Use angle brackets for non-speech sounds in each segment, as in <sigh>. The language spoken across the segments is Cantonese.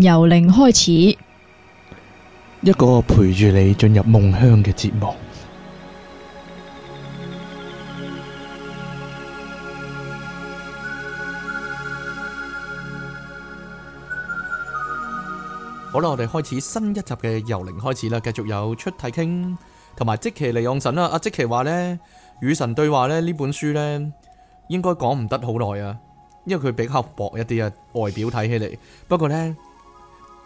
由零開始，一個陪住你進入夢鄉嘅節目。好啦，我哋開始新一集嘅由零開始啦。繼續有出體傾同埋即其利用神啦。阿即其話呢，與神對話呢，呢本書呢應該講唔得好耐啊，因為佢比較薄一啲啊，外表睇起嚟。不過呢。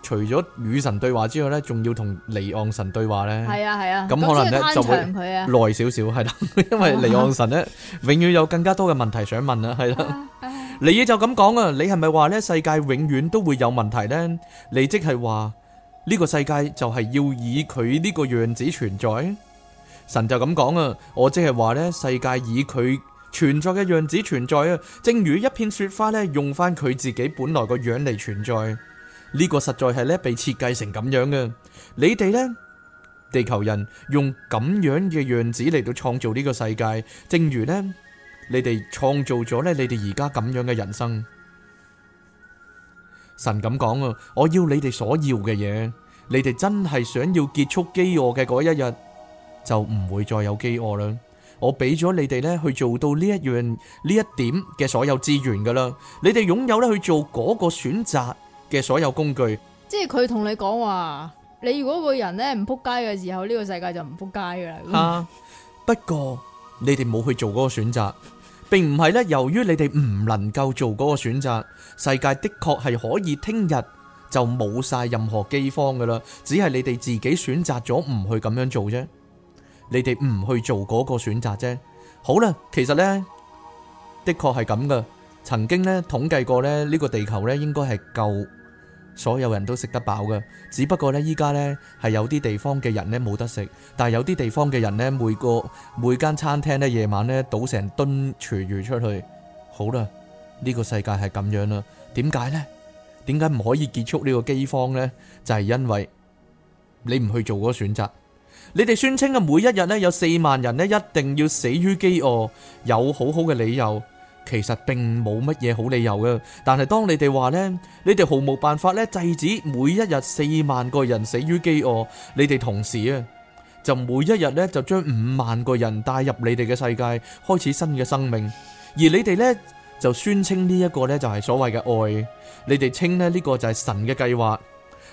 除咗與神對話之外呢，仲要同尼昂神對話呢。係啊係啊，咁可能呢就會耐少少係啦，因為尼昂神呢永遠有更加多嘅問題想問啊，係啦。離耶就咁講啊，你係咪話呢世界永遠都會有問題呢？你即係話呢個世界就係要以佢呢個樣子存在？神就咁講啊，我即係話呢世界以佢存在嘅樣子存在啊，正如一片雪花呢用翻佢自己本來個樣嚟存在。呢個實在係咧被設計成咁樣嘅，你哋咧地球人用咁樣嘅樣子嚟到創造呢個世界，正如咧你哋創造咗咧你哋而家咁樣嘅人生。神咁講啊，我要你哋所要嘅嘢，你哋真係想要結束飢餓嘅嗰一日，就唔會再有飢餓啦。我俾咗你哋咧去做到呢一樣呢一點嘅所有資源噶啦，你哋擁有咧去做嗰個選擇嘅所有工具，即係佢同你講話，如你如果個人咧唔撲街嘅時候，呢、這個世界就唔撲街噶啦。吓、啊， <laughs> 不過你哋冇去做嗰個選擇，並唔係咧，由於你哋唔能夠做嗰個選擇，世界的確係可以聽日就冇晒任何飢荒噶啦，只係你哋自己選擇咗唔去咁樣做啫，你哋唔去做嗰個選擇啫。好啦，其實呢，的確係咁噶，曾經咧統計過咧，呢個地球咧應該係夠。所有人都食得飽嘅，只不過呢，依家呢，係有啲地方嘅人呢冇得食，但係有啲地方嘅人呢，每個每間餐廳呢，夜晚呢，倒成噸廚餘出去。好啦，呢個世界係咁樣啦，點解呢？點解唔可以結束呢個饑荒呢？就係因為你唔去做嗰個選擇。你哋宣稱嘅每一日呢，有四萬人呢，一定要死於饑餓，有好好嘅理由。其實並冇乜嘢好理由嘅，但係當你哋話呢，你哋毫無辦法咧制止每一日四萬個人死於飢餓，你哋同時啊，就每一日咧就將五萬個人帶入你哋嘅世界，開始新嘅生命，而你哋呢，就宣稱呢一個呢，就係所謂嘅愛，你哋稱咧呢個就係神嘅計劃，呢、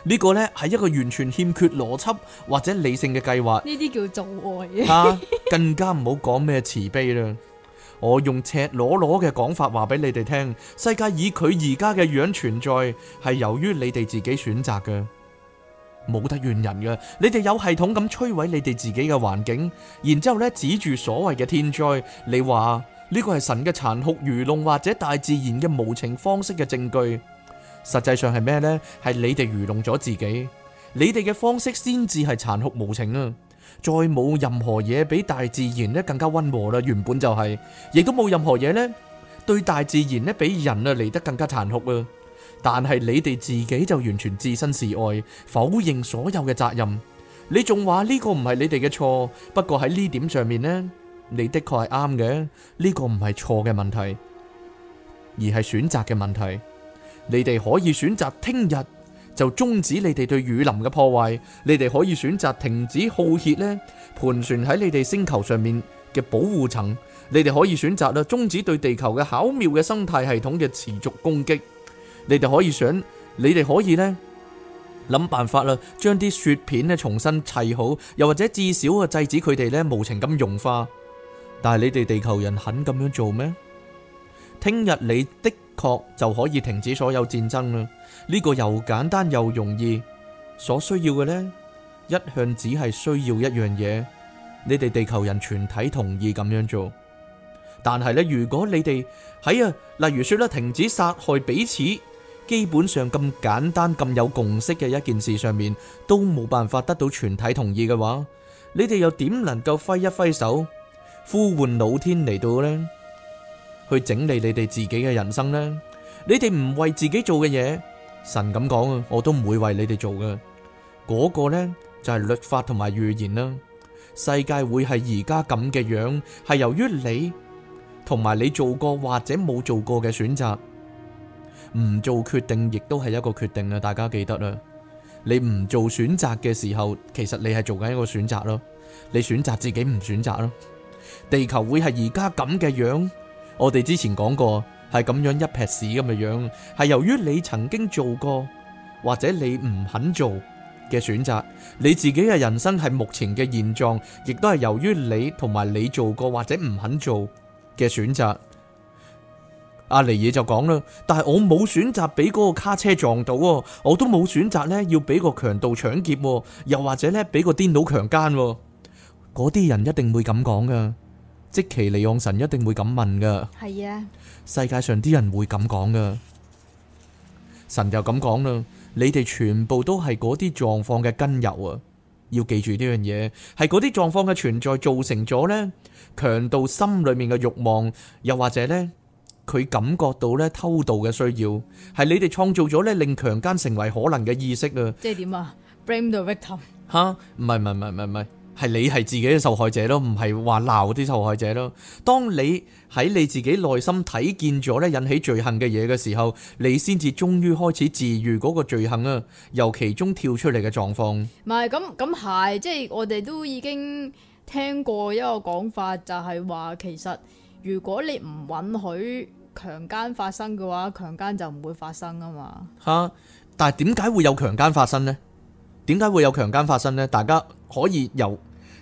呢個呢，係一個完全欠缺邏輯或者理性嘅計劃。呢啲叫做愛啊， <laughs> 更加唔好講咩慈悲啦。我用赤裸裸嘅講法話俾你哋聽，世界以佢而家嘅樣存在，係由於你哋自己選擇嘅，冇得怨人嘅。你哋有系統咁摧毀你哋自己嘅環境，然之後咧指住所謂嘅天災，你話呢個係神嘅殘酷愚弄或者大自然嘅無情方式嘅證據？實際上係咩呢？係你哋愚弄咗自己，你哋嘅方式先至係殘酷無情啊！再冇任何嘢，比大自然呢更加溫和啦，原本就係，亦都冇任何嘢呢對大自然呢比人啊嚟得更加殘酷啊！但係你哋自己就完全置身事外，否認所有嘅責任，你仲話呢個唔係你哋嘅錯，不過喺呢點上面呢，你的確係啱嘅，呢個唔係錯嘅問題，而係選擇嘅問題，你哋可以選擇聽日。就終止你哋對雨林嘅破壞，你哋可以選擇停止浩劫呢，盤旋喺你哋星球上面嘅保護層，你哋可以選擇啦，終止對地球嘅巧妙嘅生態系統嘅持續攻擊，你哋可以想，你哋可以呢諗辦法啦，將啲雪片咧重新砌好，又或者至少啊制止佢哋呢無情咁融化。但係你哋地球人肯咁樣做咩？聽日你的確就可以停止所有戰爭啦。呢個又簡單又容易，所需要嘅，呢一向只係需要一樣嘢，你哋地球人全體同意咁樣做。但係咧，如果你哋喺啊，例如說咧停止殺害彼此，基本上咁簡單咁有共識嘅一件事上面，都冇辦法得到全體同意嘅話，你哋又點能夠揮一揮手，呼喚老天嚟到呢，去整理你哋自己嘅人生呢？你哋唔為自己做嘅嘢。神咁講啊，我都唔會為你哋做㗎。嗰個呢，就係律法同埋預言啦。世界會係而家咁嘅樣，係由於你同埋你做過或者冇做過嘅選擇。唔做決定亦都係一個決定啊！大家記得啦，你唔做選擇嘅時候，其實你係做緊一個選擇咯。你選擇自己唔選擇咯。地球會係而家咁嘅樣，我哋之前講過。係咁樣一劈屎咁嘅樣，係由於你曾經做過或者你唔肯做嘅選擇，你自己嘅人生係目前嘅現狀，亦都係由於你同埋你做過或者唔肯做嘅選擇。阿、啊、尼爾就講啦，但係我冇選擇俾嗰個卡車撞到喎，我都冇選擇呢要俾個強盜搶劫喎，又或者呢俾個癲佬強姦喎，嗰啲人一定會咁講噶。即其利用神一定會咁問噶，係啊，世界上啲人會咁講噶，神就咁講啦。你哋全部都係嗰啲狀況嘅根由啊，要記住呢樣嘢，係嗰啲狀況嘅存在造成咗呢強盜心裏面嘅慾望，又或者呢佢感覺到呢偷盜嘅需要，係你哋創造咗呢令強姦成為可能嘅意識啊。即係點啊？Frame the victim 吓，唔係唔係唔係唔係。係你係自己嘅受害者咯，唔係話鬧啲受害者咯。當你喺你自己內心睇見咗咧引起罪行嘅嘢嘅時候，你先至終於開始治癒嗰個罪行啊，由其中跳出嚟嘅狀況。唔係咁咁係，即係、就是、我哋都已經聽過一個講法，就係、是、話其實如果你唔允許強姦發生嘅話，強姦就唔會發生啊嘛。嚇！但係點解會有強姦發生呢？點解會有強姦發生呢？大家可以由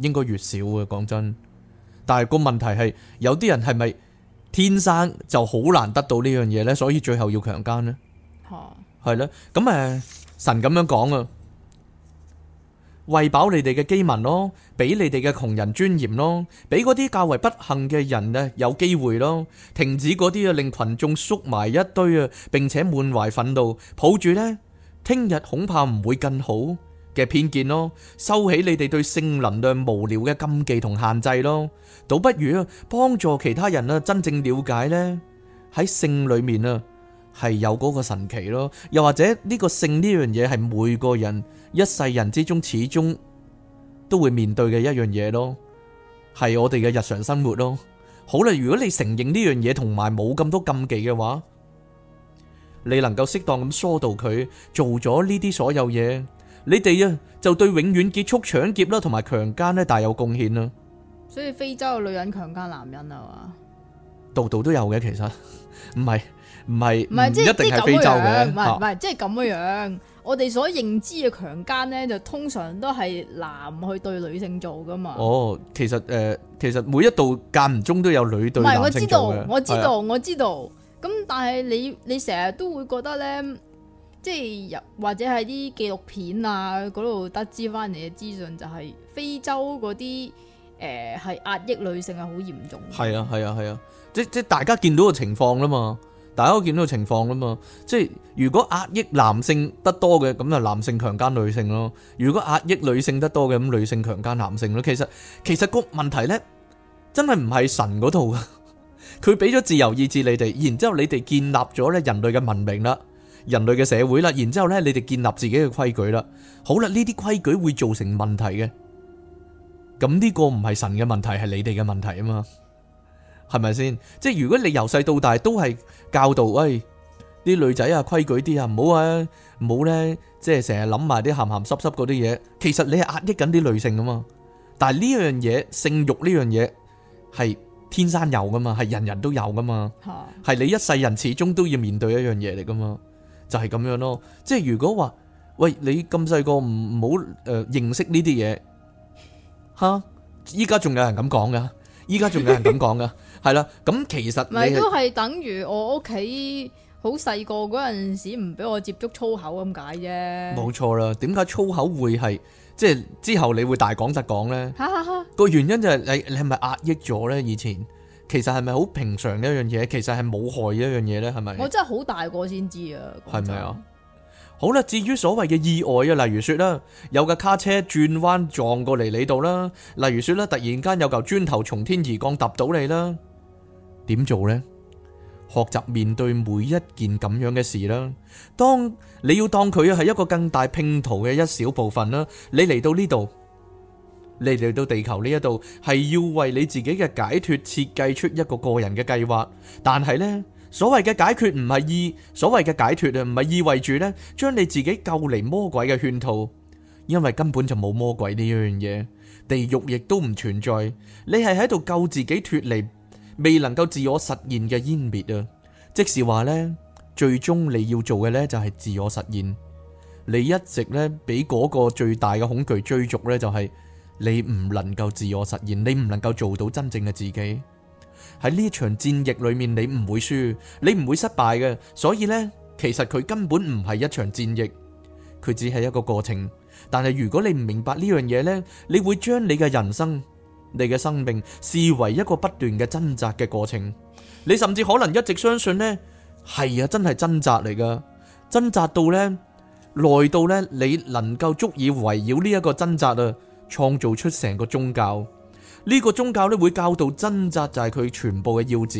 應該越少嘅，講真。但係個問題係，有啲人係咪天生就好難得到呢樣嘢咧？所以最後要強姦咧，係啦。咁誒，神咁樣講啊，餵飽你哋嘅飢民咯，俾你哋嘅窮人尊嚴咯，俾嗰啲較為不幸嘅人咧有機會咯，停止嗰啲啊，令群眾縮埋一堆啊，並且滿懷憤怒，抱住咧，聽日恐怕唔會更好。嘅偏見咯，收起你哋對性能量無聊嘅禁忌同限制咯，倒不如啊幫助其他人啊真正了解呢喺性裏面啊係有嗰個神奇咯，又或者呢個性呢樣嘢係每個人一世人之中始終都會面對嘅一樣嘢咯，係我哋嘅日常生活咯。好啦，如果你承認呢樣嘢同埋冇咁多禁忌嘅話，你能夠適當咁疏導佢做咗呢啲所有嘢。你哋啊，就對永遠結束搶劫啦，同埋強奸咧，大有貢獻啦。所以非洲嘅女人強奸男人啊嘛，度度都有嘅。其實唔係唔係唔係，即係唔一定係非洲嘅。唔係唔係，即係咁樣樣。啊、我哋所認知嘅強奸咧，就通常都係男去對女性做噶嘛。哦，其實誒、呃，其實每一度間唔中都有女對男性做嘅。唔係，我知道，我知道，呀我知道。咁但係你你成日都會覺得咧。即係又或者係啲紀錄片啊，嗰度得知翻嚟嘅資訊，就係非洲嗰啲誒，係壓抑女性係好嚴重。係啊，係啊，係啊，即即，大家見到個情況啦嘛，大家都見到個情況啦嘛，即係如果壓抑男性得多嘅，咁就男性強姦女性咯，如果壓抑女性得多嘅，咁女性強姦男性咯，其實其實個問題咧真係唔係神嗰套，佢俾咗自由意志你哋，然之後你哋建立咗咧人類嘅文明啦。人類嘅社會啦，然之後咧，你哋建立自己嘅規矩啦。好啦，呢啲規矩會造成問題嘅。咁呢個唔係神嘅問題，係你哋嘅問題啊嘛，係咪先？即係如果你由細到大都係教導，喂，啲女仔啊規矩啲啊，唔好啊，唔好咧，即係成日諗埋啲咸咸濕濕嗰啲嘢。其實你係壓抑緊啲女性噶嘛，但係呢樣嘢性慾呢樣嘢係天生有噶嘛，係人人都有噶嘛，係你一世人始終都要面對一樣嘢嚟噶嘛。就係咁樣咯，即係如果話，喂，你咁細個唔唔好誒認識呢啲嘢。吓，依家仲有人咁講噶，依家仲有人咁講噶，係啦，咁其實唔係都係等於我屋企好細個嗰陣時唔俾我接觸粗口咁解啫，冇錯啦。點解粗口會係即係之後你會大講特講咧？個原因就係你你係咪壓抑咗咧以前？其實係咪好平常嘅一樣嘢？其實係冇害嘅一樣嘢呢？係咪？我真係好大個先知啊！係咪啊？好啦，至於所謂嘅意外啊，例如說啦，有架卡車轉彎撞過嚟你度啦，例如說啦，突然間有嚿磚頭從天而降揼到你啦，點做呢？學習面對每一件咁樣嘅事啦，當你要當佢係一個更大拼圖嘅一小部分啦，你嚟到呢度。你嚟到地球呢一度，係要為你自己嘅解脫設計出一個個人嘅計劃。但係呢，所謂嘅解決唔係意，所謂嘅解脫啊，唔係意味住呢將你自己救嚟魔鬼嘅圈套，因為根本就冇魔鬼呢樣嘢，地獄亦都唔存在。你係喺度救自己脫離未能夠自我實現嘅湮滅啊！即是話呢，最終你要做嘅呢，就係自我實現。你一直呢，俾嗰個最大嘅恐懼追逐呢、就是，就係。你唔能夠自我實現，你唔能夠做到真正嘅自己。喺呢一場戰役裏面，你唔會輸，你唔會失敗嘅。所以呢，其實佢根本唔係一場戰役，佢只係一個過程。但係如果你唔明白呢樣嘢呢，你會將你嘅人生、你嘅生命視為一個不斷嘅掙扎嘅過程。你甚至可能一直相信呢係啊，真係掙扎嚟㗎，掙扎到呢嚟到呢，你能夠足以圍繞呢一個掙扎啊！創造出成個宗教，呢、這個宗教咧會教導掙扎就係佢全部嘅要旨，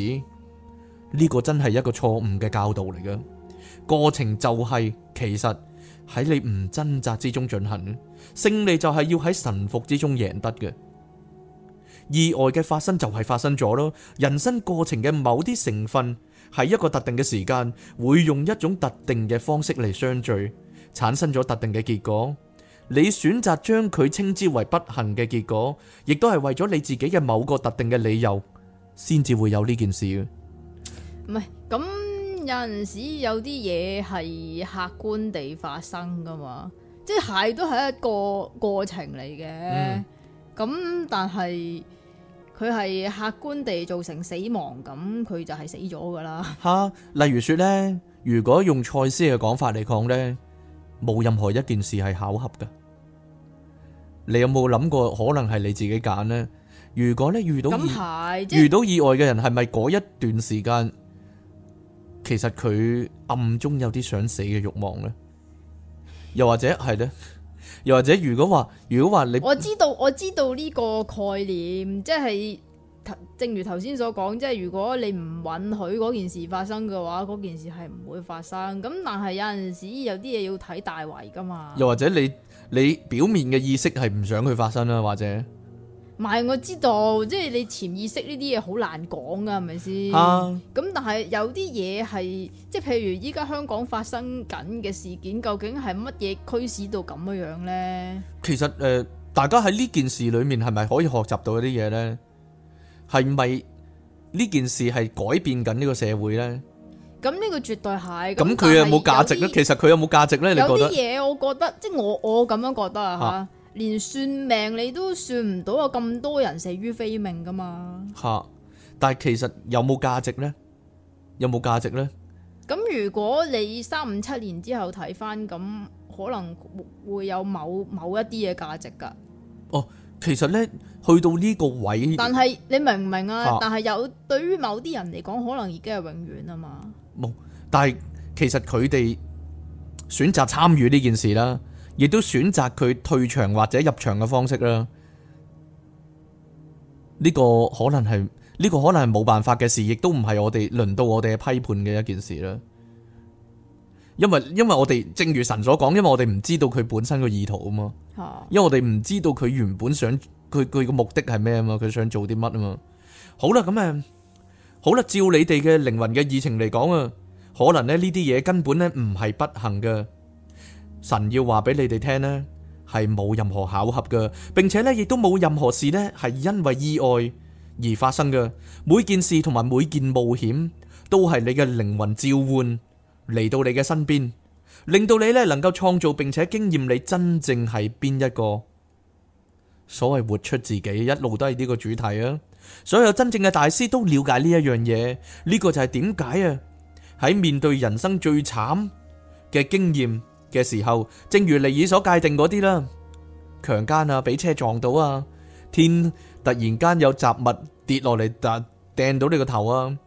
呢、這個真係一個錯誤嘅教導嚟嘅。過程就係、是、其實喺你唔掙扎之中進行，勝利就係要喺臣服之中贏得嘅。意外嘅發生就係發生咗咯，人生過程嘅某啲成分喺一個特定嘅時間，會用一種特定嘅方式嚟相聚，產生咗特定嘅結果。你選擇將佢稱之為不幸嘅結果，亦都係為咗你自己嘅某個特定嘅理由，先至會有呢件事。唔係咁，有陣時有啲嘢係客觀地發生噶嘛，即係都係一個過程嚟嘅。咁、嗯、但係佢係客觀地造成死亡，咁佢就係死咗噶啦。吓，例如說呢，如果用賽斯嘅講法嚟講呢，冇任何一件事係巧合嘅。你有冇諗過可能係你自己揀呢？如果咧遇到、就是、遇到意外嘅人，係咪嗰一段時間，其實佢暗中有啲想死嘅慾望呢？又或者係咧？又或者如果話如果話你我知道我知道呢個概念，即係正如頭先所講，即係如果你唔允許嗰件事發生嘅話，嗰件事係唔會發生。咁但係有陣時有啲嘢要睇大圍噶嘛？又或者你？你表面嘅意識係唔想去發生啦，或者？唔係，我知道，即係你潛意識呢啲嘢好難講噶，係咪先？啊！咁但係有啲嘢係，即係譬如依家香港發生緊嘅事件，究竟係乜嘢驅使到咁樣樣呢？其實誒，大家喺呢件事裏面係咪可以學習到一啲嘢呢？係咪呢件事係改變緊呢個社會呢？咁呢個絕對係咁，佢有冇價值咧？些其實佢有冇價值咧？有啲嘢，我覺得即係我我咁樣覺得啊吓，連算命你都算唔到有咁多人死於非命噶嘛吓、啊，但係其實有冇價值咧？有冇價值咧？咁如果你三五七年之後睇翻，咁可能會有某某一啲嘅價值噶。哦，其實咧。去到呢個位，但係你明唔明啊？但係有對於某啲人嚟講，可能已經係永遠啊嘛。冇，但係其實佢哋選擇參與呢件事啦，亦都選擇佢退場或者入場嘅方式啦。呢個可能係呢個可能係冇辦法嘅事，亦都唔係我哋輪到我哋批判嘅一件事啦。因為因為我哋正如神所講，因為我哋唔知道佢本身嘅意圖啊嘛。吓，因為我哋唔知道佢原本想。佢佢個目的係咩啊？嘛，佢想做啲乜啊？嘛，好啦，咁啊，好啦，照你哋嘅靈魂嘅議程嚟講啊，可能咧呢啲嘢根本咧唔係不幸噶。神要話俾你哋聽咧，係冇任何巧合噶，並且咧亦都冇任何事咧係因為意外而發生噶。每件事同埋每件冒險都係你嘅靈魂召喚嚟到你嘅身邊，令到你咧能夠創造並且經驗你真正係邊一個。所謂活出自己，一路都係呢個主題啊！所有真正嘅大師都了解呢一樣嘢，呢個就係點解啊？喺面對人生最慘嘅經驗嘅時候，正如尼爾所界定嗰啲啦，強姦啊，俾車撞到啊，天突然間有雜物跌落嚟，掟到你個頭啊！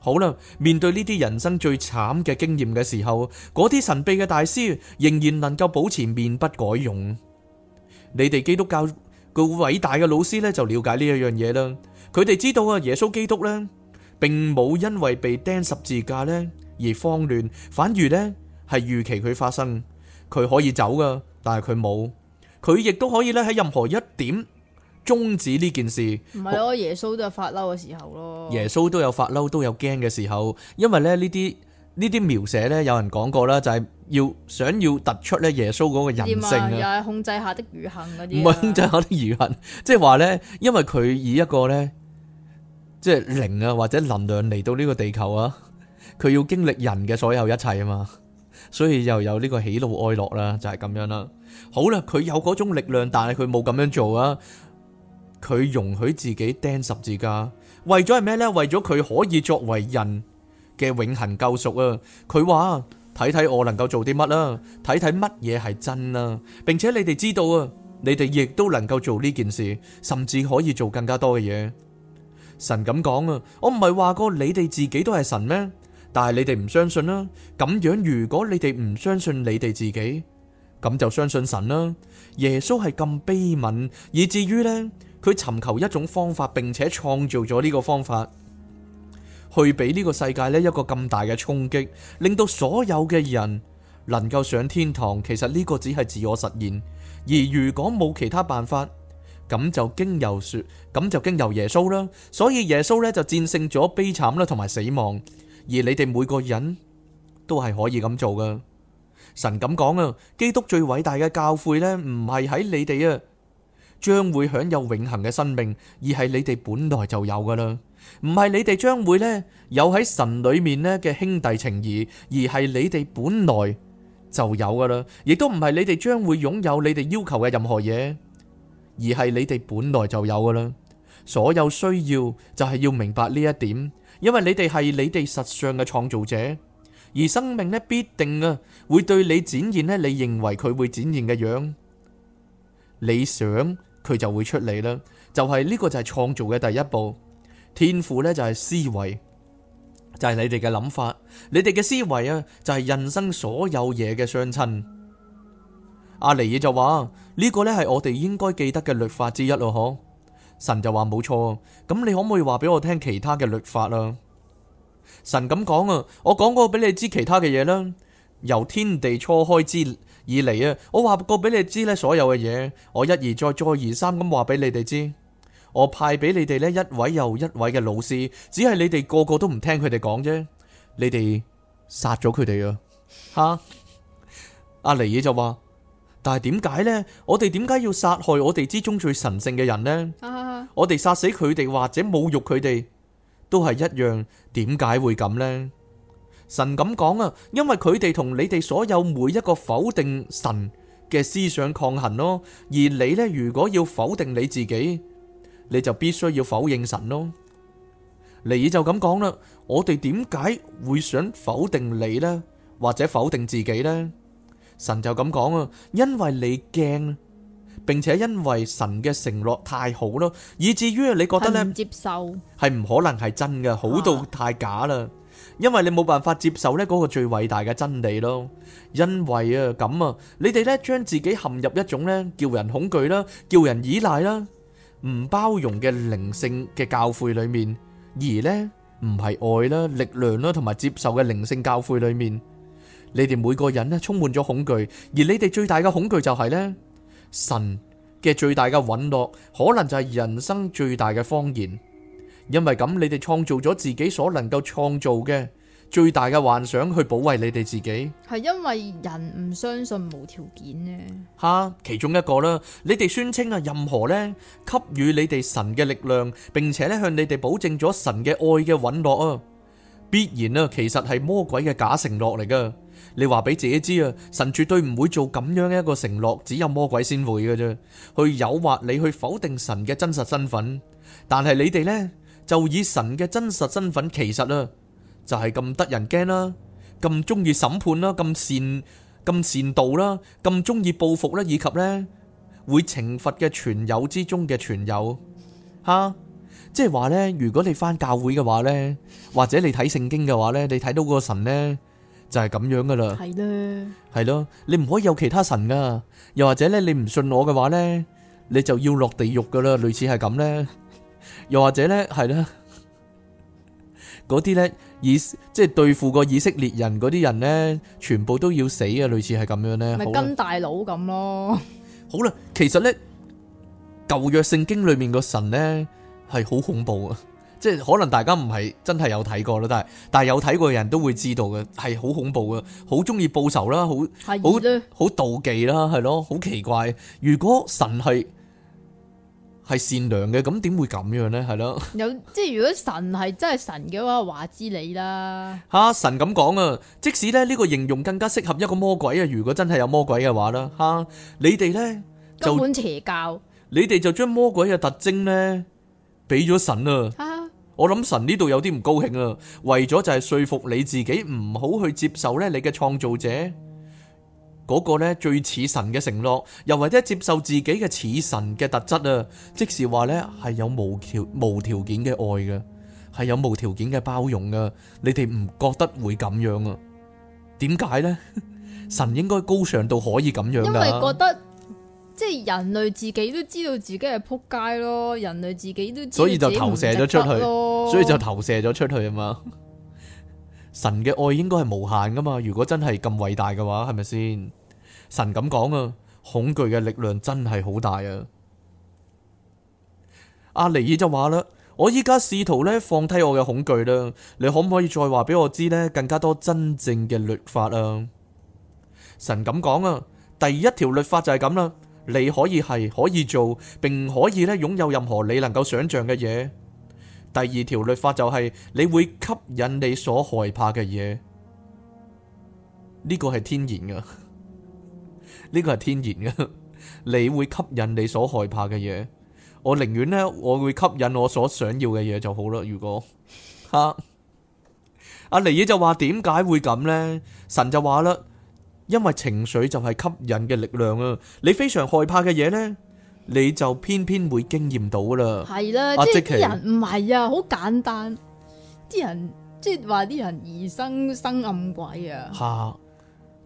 好啦，面對呢啲人生最慘嘅經驗嘅時候，嗰啲神秘嘅大師仍然能夠保持面不改容。你哋基督教。個偉大嘅老師呢，就了解呢樣嘢啦，佢哋知道呀，耶穌基督呢，並冇因為被釘十字架呢，而慌亂，反而呢，係預期佢發生，佢可以走㗎，但係佢冇，佢亦都可以呢，喺任何一點，終止呢件事。唔係啊，耶穌都有發嬲嘅時候，耶穌都有發嬲，都有驚嘅時候，因為呢啲，呢啲描寫咧，有人講過啦，就係要想要突出咧耶穌嗰個人性啊，又係控制下的余行啲，唔係控制下的余行，即係話咧，因為佢以一個咧，即係靈啊或者能量嚟到呢個地球啊，佢要經歷人嘅所有一切啊嘛，所以又有呢個喜怒哀樂啦，就係咁樣啦。好啦，佢有嗰種力量，但係佢冇咁樣做啊，佢容許自己釘十字架，為咗係咩咧？為咗佢可以作為人。嘅永恒救贖啊！佢話，睇睇我能夠做啲乜啦，睇睇乜嘢係真啊，並且你哋知道啊，你哋亦都能夠做呢件事，甚至可以做更加多嘅嘢。神咁講啊，我唔係話過你哋自己都係神咩？但係你哋唔相信啦。咁樣如果你哋唔相信你哋自己，咁就相信神啦。耶穌係咁悲憫，以至於呢佢尋求一種方法，並且創造咗呢個方法。去俾呢個世界呢一個咁大嘅衝擊，令到所有嘅人能夠上天堂。其實呢個只係自我實現，而如果冇其他辦法，咁就經由說，咁就經由耶穌啦。所以耶穌呢就戰勝咗悲慘啦同埋死亡，而你哋每個人都係可以咁做噶。神咁講啊，基督最偉大嘅教誨呢，唔係喺你哋啊，將會享有永恆嘅生命，而係你哋本來就有噶啦。唔係你哋將會咧有喺神裏面咧嘅兄弟情誼，而係你哋本來就有噶啦。亦都唔係你哋將會擁有你哋要求嘅任何嘢，而係你哋本來就有噶啦。所有需要就係要明白呢一點，因為你哋係你哋實相嘅創造者，而生命咧必定啊會對你展現咧你認為佢會展現嘅樣，你想佢就會出嚟啦。就係呢個就係創造嘅第一步。天賦呢就係思維，就係、是、你哋嘅諗法，你哋嘅思維啊就係人生所有嘢嘅相親。阿尼耶就話呢、這個呢係我哋應該記得嘅律法之一咯，嗬。神就話冇錯，咁你可唔可以話俾我聽其他嘅律法啊？神咁講啊，我講過俾你知其他嘅嘢啦。由天地初開之以嚟啊，我話過俾你知呢所有嘅嘢，我一而再再而三咁話俾你哋知。我派俾你哋呢一位又一位嘅老師，只係你哋個個都唔聽佢哋講啫。你哋殺咗佢哋啊？吓，阿尼爾就話，但係點解呢？我哋點解要殺害我哋之中最神聖嘅人呢？啊、哈哈我哋殺死佢哋或者侮辱佢哋都係一樣，點解會咁呢？神咁講啊，因為佢哋同你哋所有每一個否定神嘅思想抗衡咯。而你呢，如果要否定你自己。你就必須要否認神咯，尼爾就咁講啦。我哋點解會想否定你呢，或者否定自己呢？神就咁講啊，因為你驚，並且因為神嘅承諾太好咯，以至於你覺得呢，係唔可能接受，係唔可能係真嘅，好到太假啦。因為你冇辦法接受呢嗰個最偉大嘅真理咯，因為啊咁啊，你哋呢將自己陷入一種呢叫人恐懼啦，叫人依賴啦。唔包容嘅靈性嘅教誨裏面，而呢唔係愛啦、力量啦，同埋接受嘅靈性教誨裏面，你哋每個人咧充滿咗恐懼，而你哋最大嘅恐懼就係、是、呢神嘅最大嘅允諾，可能就係人生最大嘅謊言，因為咁你哋創造咗自己所能夠創造嘅。最大嘅幻想，去保衛你哋自己，係因為人唔相信無條件呢吓，其中一個啦。你哋宣稱啊，任何呢給予你哋神嘅力量，並且呢向你哋保證咗神嘅愛嘅允諾啊，必然啊，其實係魔鬼嘅假承諾嚟噶。你話俾自己知啊，神絕對唔會做咁樣嘅一個承諾，只有魔鬼先會嘅啫，去誘惑你去否定神嘅真實身份。但係你哋呢就以神嘅真實身份，其實啊。就係咁得人驚啦，咁中意審判啦，咁善咁善道啦，咁中意報復啦，以及呢會懲罰嘅全友之中嘅全友，吓、啊，即係話呢，如果你翻教會嘅話呢，或者你睇聖經嘅話呢，你睇到個神呢，就係咁樣噶啦，係咯，係咯，你唔可以有其他神噶，又或者呢，你唔信我嘅話呢，你就要落地獄噶啦，類似係咁呢，又或者呢，係啦。嗰啲咧以即係對付個以色列人嗰啲人咧，全部都要死啊！類似係咁樣咧，咪跟大佬咁咯。好啦，其實咧舊約聖經裏面個神咧係好恐怖啊！即係可能大家唔係真係有睇過啦，但係但係有睇過嘅人都會知道嘅，係好恐怖嘅，好中意報仇啦，好好好妒忌啦，係咯，好奇怪！如果神係。係善良嘅，咁點會咁樣咧？係咯，有即係如果神係真係神嘅話，話之你啦。吓神咁講啊，即使咧呢個形容更加適合一個魔鬼啊。如果真係有魔鬼嘅話啦，吓你哋咧就根本邪教，你哋就將魔鬼嘅特徵咧俾咗神啊。我諗神呢度有啲唔高興啊，為咗就係說服你自己唔好去接受咧你嘅創造者。嗰個咧最似神嘅承諾，又或者接受自己嘅似神嘅特質啊，即係話咧係有無條無條件嘅愛嘅，係有無條件嘅包容嘅。你哋唔覺得會咁樣啊？點解呢？神應該高尚到可以咁樣啊？因為覺得即係人類自己都知道自己係撲街咯，人類自己都知道自己，所以就投射咗出去，所以就投射咗出去啊嘛。神嘅愛應該係無限噶嘛？如果真係咁偉大嘅話，係咪先？神咁講啊，恐懼嘅力量真係好大啊！阿、啊、尼爾就話啦，我依家試圖咧放低我嘅恐懼啦，你可唔可以再話俾我知呢？更加多真正嘅律法啊？神咁講啊，第一條律法就係咁啦，你可以係可以做，並可以咧擁有任何你能夠想象嘅嘢。第二條律法就係、是、你會吸引你所害怕嘅嘢，呢個係天然噶。呢個係天然嘅，你會吸引你所害怕嘅嘢。我寧願呢，我會吸引我所想要嘅嘢就好啦。如果吓阿、啊啊、尼爾就話點解會咁呢？神就話啦，因為情緒就係吸引嘅力量啊！你非常害怕嘅嘢呢，你就偏偏會經驗到啦。係啦，即係啲人唔係啊，好、啊啊、簡單。啲、啊、人、啊、人即係話啲人疑生生暗鬼啊。吓、啊。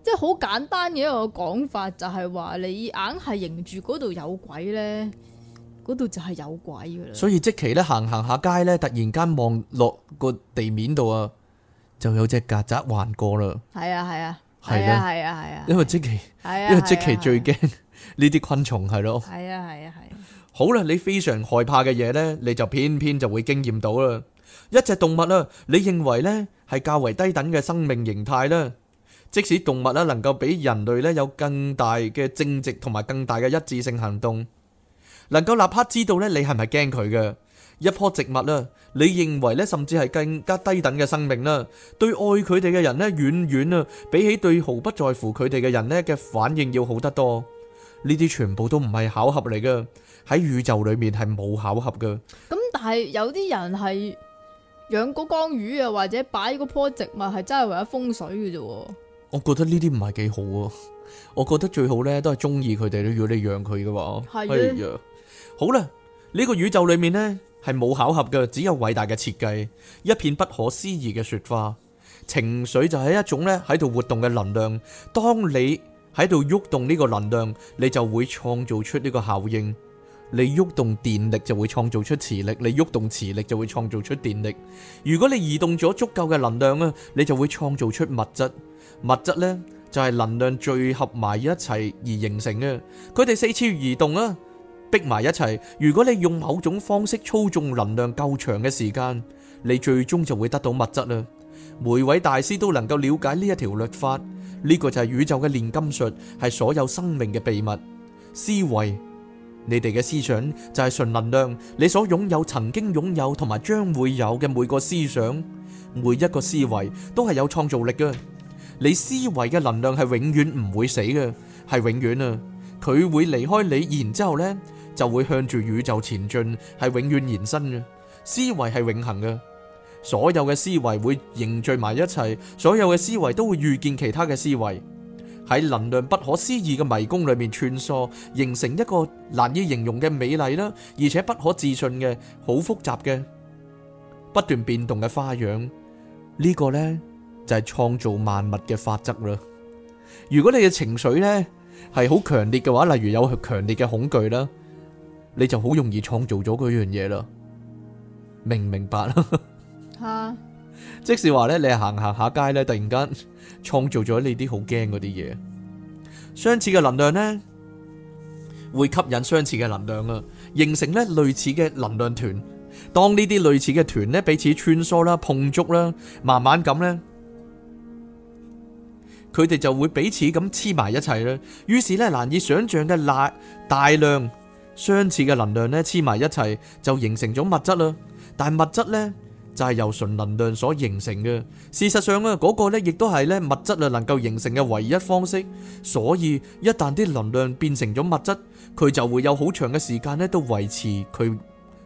即係好簡單嘅一個講法，就係話你硬係迎住嗰度有鬼呢，嗰度就係有鬼噶啦。所以積奇咧行行下街咧，突然間望落個地面度啊，就有隻曱甴橫過啦。係啊係啊，係啊，係啊係啊，因為積奇，因為積奇最驚呢啲昆蟲係咯。係啊係啊係。好啦，你非常害怕嘅嘢呢，你就偏偏就會經驗到啦。一隻動物啦，你認為呢，係較為低等嘅生命形態啦。即使動物咧能夠比人類咧有更大嘅正直同埋更大嘅一致性，行動，能夠立刻知道咧你係咪驚佢嘅一棵植物啦，你認為咧甚至係更加低等嘅生命啦，對愛佢哋嘅人咧遠遠啊，比起對毫不在乎佢哋嘅人咧嘅反應要好得多。呢啲全部都唔係巧合嚟嘅，喺宇宙裏面係冇巧合嘅。咁但係有啲人係養嗰缸魚啊，或者擺嗰棵植物係真係為咗風水嘅啫。我覺得呢啲唔係幾好啊！我覺得最好呢都係中意佢哋都要你養佢嘅話，係啊的。Hey, yeah. 好啦，呢個宇宙裏面呢係冇巧合嘅，只有偉大嘅設計，一片不可思議嘅說話。情緒就係一種呢喺度活動嘅能量。當你喺度喐動呢個能量，你就會創造出呢個效應。你喐動電力就會創造出磁力，你喐動磁力就會創造出電力。如果你移動咗足夠嘅能量啊，你就會創造出物質。物質呢就係能量聚合埋一齊而形成嘅。佢哋四次移動啊，逼埋一齊。如果你用某種方式操縱能量夠長嘅時間，你最終就會得到物質啦。每位大師都能夠了解呢一條律法，呢個就係宇宙嘅煉金術，係所有生命嘅秘密思維。你哋嘅思想就係純能量，你所擁有、曾經擁有同埋將會有嘅每個思想、每一個思維都係有創造力嘅。你思維嘅能量係永遠唔會死嘅，係永遠啊！佢會離開你，然之後呢就會向住宇宙前進，係永遠延伸嘅。思維係永恆嘅，所有嘅思維會凝聚埋一齊，所有嘅思維都會遇見其他嘅思維。喺能量不可思議嘅迷宮裏面穿梭，形成一個難以形容嘅美麗啦，而且不可置信嘅，好複雜嘅，不斷變動嘅花樣。呢個咧就係創造萬物嘅法則啦。如果你嘅情緒咧係好強烈嘅話，例如有強烈嘅恐懼啦，你就好容易創造咗嗰樣嘢啦。明唔明白啦？吓，即係話咧，你行行下街咧，突然間。創造咗呢啲好驚嗰啲嘢，相似嘅能量呢會吸引相似嘅能量啦，形成呢類似嘅能量團。當呢啲類似嘅團咧彼此穿梭啦、碰觸啦，慢慢咁呢佢哋就會彼此咁黐埋一齊啦。於是呢難以想像嘅大量相似嘅能量呢黐埋一齊，就形成咗物質啦。但物質呢。就係由純能量所形成嘅。事實上啊，嗰個咧亦都係咧物質啊能夠形成嘅唯一方式。所以一旦啲能量變成咗物質，佢就會有好長嘅時間咧都維持佢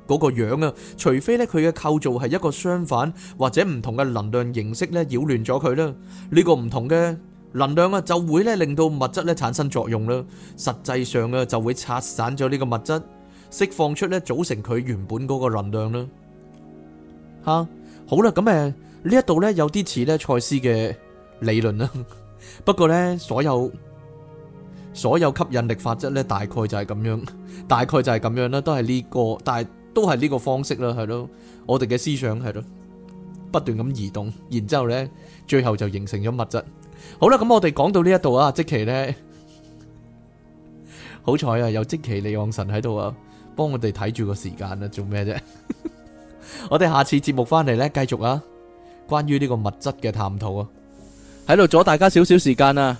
嗰個樣啊。除非咧佢嘅構造係一個相反或者唔同嘅能量形式咧擾亂咗佢啦。呢個唔同嘅能量啊就會咧令到物質咧產生作用啦。實際上啊就會拆散咗呢個物質，釋放出咧組成佢原本嗰個能量啦。啊，好啦，咁誒呢一度咧有啲似咧賽斯嘅理論啦，不過咧所有所有吸引力法則咧大概就係咁樣，大概就係咁樣啦，都係呢、這個，但係都係呢個方式啦，係咯，我哋嘅思想係咯，不斷咁移動，然之後咧最後就形成咗物質。好啦，咁、嗯、我哋講到呢一度啊，即期咧，好彩啊，有即期李旺神喺度啊，幫我哋睇住個時間啦，做咩啫？呵呵我哋下次節目翻嚟咧，繼續啊，關於呢個物質嘅探討啊，喺度阻大家少少時間啊。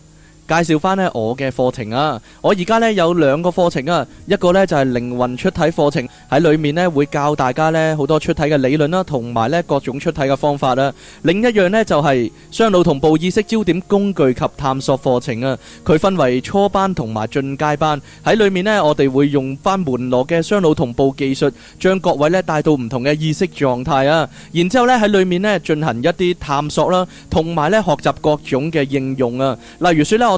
介紹翻呢我嘅課程啊！我而家呢有兩個課程啊，一個呢就係靈魂出體課程，喺裏面呢會教大家呢好多出體嘅理論啦，同埋呢各種出體嘅方法啊。另一樣呢就係雙腦同步意識焦點工具及探索課程啊。佢分為初班同埋進階班，喺裏面呢我哋會用翻門羅嘅雙腦同步技術，將各位呢帶到唔同嘅意識狀態啊。然之後呢喺裏面呢進行一啲探索啦，同埋呢學習各種嘅應用啊。例如説呢我。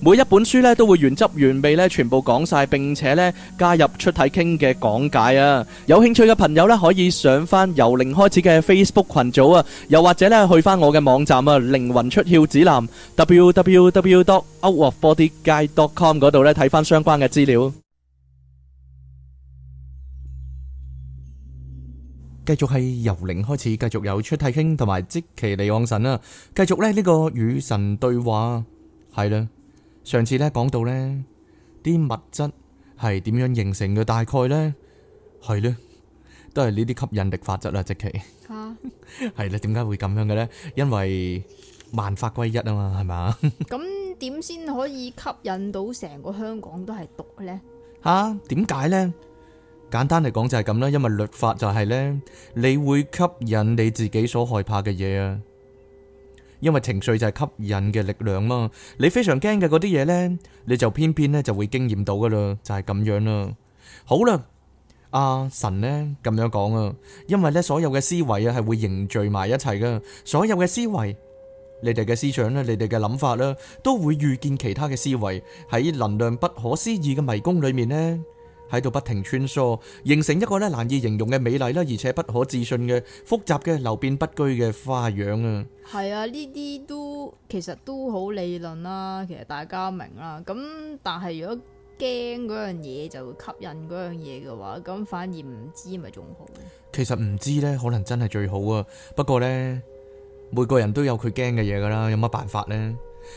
每一本書咧都會原汁原味咧，全部講晒，並且咧加入出體傾嘅講解啊！有興趣嘅朋友咧可以上翻由零開始嘅 Facebook 群組啊，又或者咧去翻我嘅網站啊靈魂出竅指南 www.outofbodyguide.com 嗰度咧睇翻相關嘅資料。繼續係由零開始，繼續有出體傾同埋即其尼昂神啊！繼續咧呢個與神對話，係啦。上次呢講到呢啲物質係點樣形成嘅，大概呢係呢都係呢啲吸引力法則啦，直期吓係啦，點解會咁樣嘅呢？因為萬法歸一啊嘛，係咪？咁點先可以吸引到成個香港都係毒呢？吓點解呢？簡單嚟講就係咁啦，因為律法就係呢，你會吸引你自己所害怕嘅嘢啊。因為情緒就係吸引嘅力量嘛，你非常驚嘅嗰啲嘢呢，你就偏偏咧就會經驗到噶啦，就係咁樣啦。好啦，阿神呢，咁樣講啊，因為呢所有嘅思維啊係會凝聚埋一齊噶，所有嘅思維，你哋嘅思想咧，你哋嘅諗法呢，都會遇見其他嘅思維喺能量不可思議嘅迷宮裏面呢，喺度不停穿梭，形成一個咧難以形容嘅美麗啦，而且不可置信嘅複雜嘅流變不居嘅花樣啊！係啊，呢啲都其實都好理論啦，其實大家明啦。咁但係如果驚嗰樣嘢就會吸引嗰樣嘢嘅話，咁反而唔知咪仲好。其實唔知呢可能真係最好啊。不過呢，每個人都有佢驚嘅嘢噶啦，有乜辦法呢？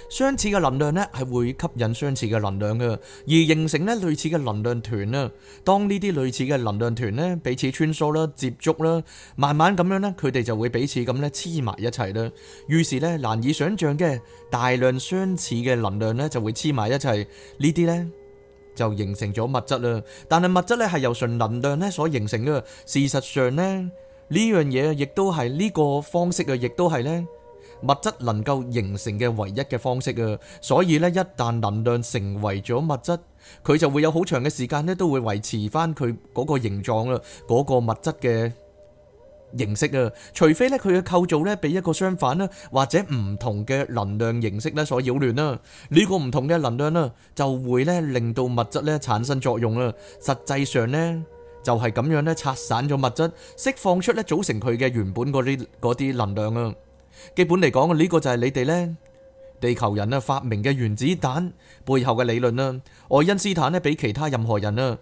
相似嘅能量呢係會吸引相似嘅能量嘅，而形成呢類似嘅能量團啦。當呢啲類似嘅能量團呢彼此穿梭啦、接觸啦，慢慢咁樣呢，佢哋就會彼此咁呢黐埋一齊啦。於是呢，難以想象嘅大量相似嘅能量呢就會黐埋一齊，呢啲呢就形成咗物質啦。但係物質呢係由純能量呢所形成嘅。事實上呢，呢樣嘢亦都係呢個方式啊，亦都係呢。物質能夠形成嘅唯一嘅方式啊，所以呢，一旦能量成為咗物質，佢就會有好長嘅時間呢，都會維持翻佢嗰個形狀啦，嗰個物質嘅形式啊，除非呢，佢嘅構造呢，畀一個相反啦，或者唔同嘅能量形式呢，所擾亂啦，呢個唔同嘅能量啦就會呢，令到物質呢產生作用啊。實際上呢，就係咁樣呢，拆散咗物質，釋放出呢，組成佢嘅原本啲嗰啲能量啊。基本嚟講，呢個就係你哋呢地球人啊發明嘅原子彈背後嘅理論啦。愛因斯坦咧比其他任何人啊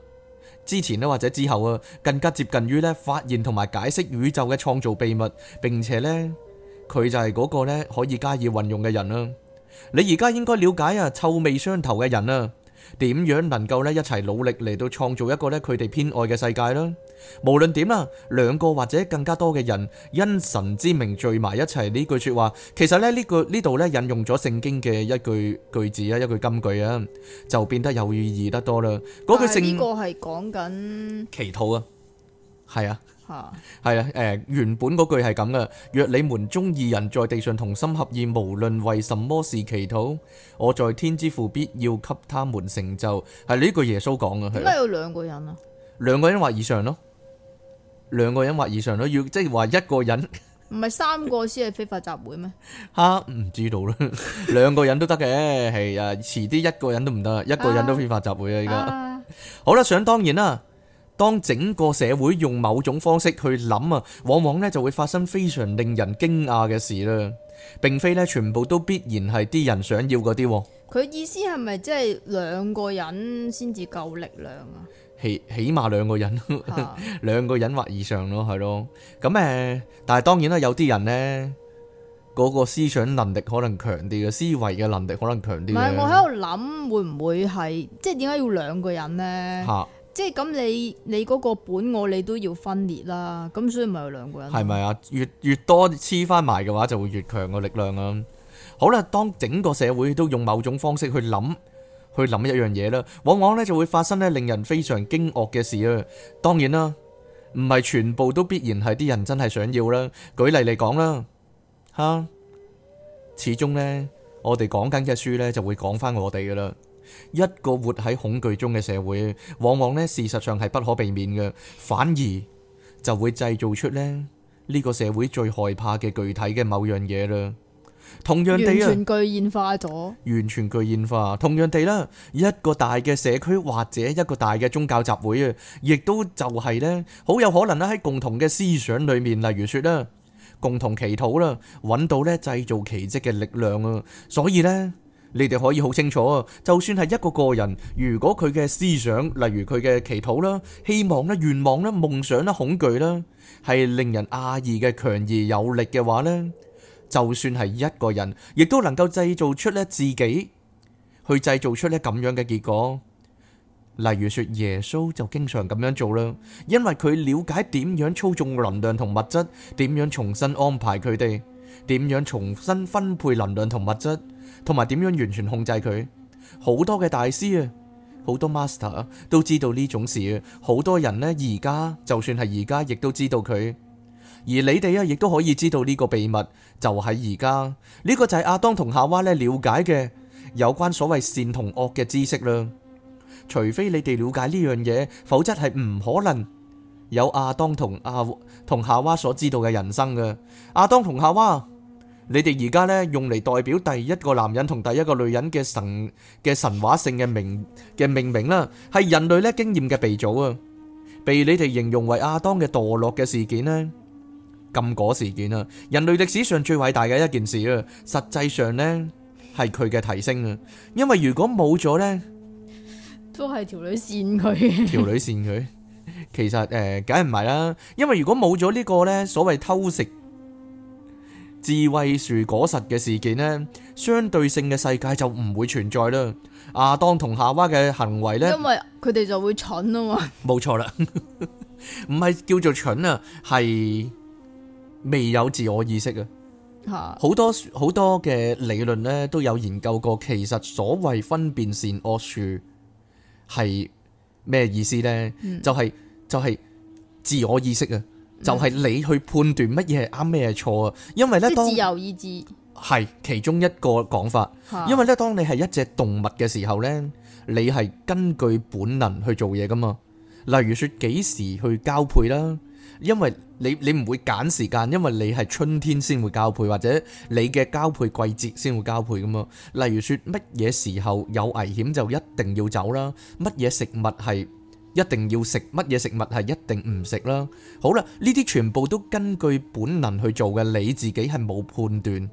之前咧或者之後啊更加接近於咧發現同埋解釋宇宙嘅創造秘密，並且呢，佢就係嗰個咧可以加以運用嘅人啦。你而家應該了解啊臭味相投嘅人啊點樣能夠咧一齊努力嚟到創造一個咧佢哋偏愛嘅世界啦。無論點啦，兩個或者更加多嘅人因神之名聚埋一齊呢句說話，其實咧呢句呢度咧引用咗聖經嘅一句句子啊，一句金句啊，就變得有意義得多啦。嗰句聖經呢個係講緊祈禱啊，係啊，係啊，誒、啊，原本嗰句係咁噶，若你們中意人在地上同心合意，無論為什麼事祈禱，我在天之父必要給他們成就，係呢、啊、句耶穌講嘅。點解、啊、有兩個人,兩個人啊？兩個人或以上咯。兩個人或以上都要，即係話一個人唔係三個先係非法集會咩？吓、 <laughs> 啊，唔知道啦。兩個人都得嘅，係誒，遲啲一個人都唔得，一個人都非法集會啊！依家、啊、好啦，想當然啦，當整個社會用某種方式去諗啊，往往呢就會發生非常令人驚訝嘅事啦，並非呢，全部都必然係啲人想要嗰啲。佢意思係咪即係兩個人先至夠力量啊？起起碼兩個人，啊、 <laughs> 兩個人或以上咯，係咯。咁誒，但係當然啦，有啲人呢，嗰、嗰個思想能力可能強啲嘅，思維嘅能力可能強啲。唔係，我喺度諗，會唔會係即係點解要兩個人咧？啊、即係咁，你你嗰個本我，你都要分裂啦。咁所以咪有兩個人。係咪啊？越越多黐翻埋嘅話，就會越強個力量啊！好啦、啊，當整個社會都用某種方式去諗。去諗一樣嘢啦，往往呢就會發生咧，令人非常驚愕嘅事啊！當然啦，唔係全部都必然係啲人真係想要啦。舉例嚟講啦，吓，始終呢，我哋講緊嘅書呢就會講翻我哋噶啦。一個活喺恐懼中嘅社會，往往呢事實上係不可避免嘅，反而就會製造出咧，呢、呢個社會最害怕嘅具體嘅某樣嘢啦。同樣地啊，完全具現化咗，完全具現化。同樣地啦，一個大嘅社區或者一個大嘅宗教集會啊，亦都就係呢。好有可能啦，喺共同嘅思想裏面，例如說啦，共同祈禱啦，搵到呢製造奇蹟嘅力量啊。所以呢，你哋可以好清楚啊，就算係一個個人，如果佢嘅思想，例如佢嘅祈禱啦、希望啦、願望啦、夢想啦、恐懼啦，係令人訝異嘅強而有力嘅話呢。就算係一個人，亦都能夠製造出咧，自己去製造出咧咁樣嘅結果。例如說耶穌就經常咁樣做啦，因為佢了解點樣操縱能量同物質，點樣重新安排佢哋，點樣重新分配能量同物質，同埋點樣完全控制佢。好多嘅大師啊，好多 master 都知道呢種事。好多人呢，而家就算係而家，亦都知道佢。而你哋啊，亦都可以知道呢個秘密就喺而家，呢個就係亞當同夏娃呢，了解嘅有關所謂善同惡嘅知識啦。除非你哋了解呢樣嘢，否則係唔可能有亞當同阿同夏娃所知道嘅人生嘅。亞當同夏娃，你哋而家呢，用嚟代表第一個男人同第一個女人嘅神嘅神話性嘅名嘅命名啦，係人類呢經驗嘅鼻祖啊，被你哋形容為亞當嘅墮落嘅事件呢，禁果事件啊，人類歷史上最偉大嘅一件事啊，實際上咧係佢嘅提升啊，因為如果冇咗咧，都係條女線佢。條女線佢，其實誒，梗係唔係啦，因為如果冇咗呢個咧，所謂偷食智慧樹果實嘅事件咧，相對性嘅世界就唔會存在啦。亞當同夏娃嘅行為咧，因為佢哋就會蠢啊嘛。冇錯啦，唔係叫做蠢啊，係。未有自我意識啊！好哈多好多嘅理論咧都有研究過，其實所謂分辨善惡樹係咩意思呢？嗯、就係、是、就係、是、自我意識啊！嗯、就係你去判斷乜嘢係啱，咩嘢係錯啊！因為咧，當自由意志係其中一個講法，哈因為咧，當你係一隻動物嘅時候咧，你係根據本能去做嘢噶嘛。例如說，幾時去交配啦，因為。你你唔會揀時間，因為你係春天先會交配，或者你嘅交配季節先會交配咁啊。例如說乜嘢時候有危險就一定要走啦，乜嘢食物係一定要食，乜嘢食物係一定唔食啦。好啦，呢啲全部都根據本能去做嘅，你自己係冇判斷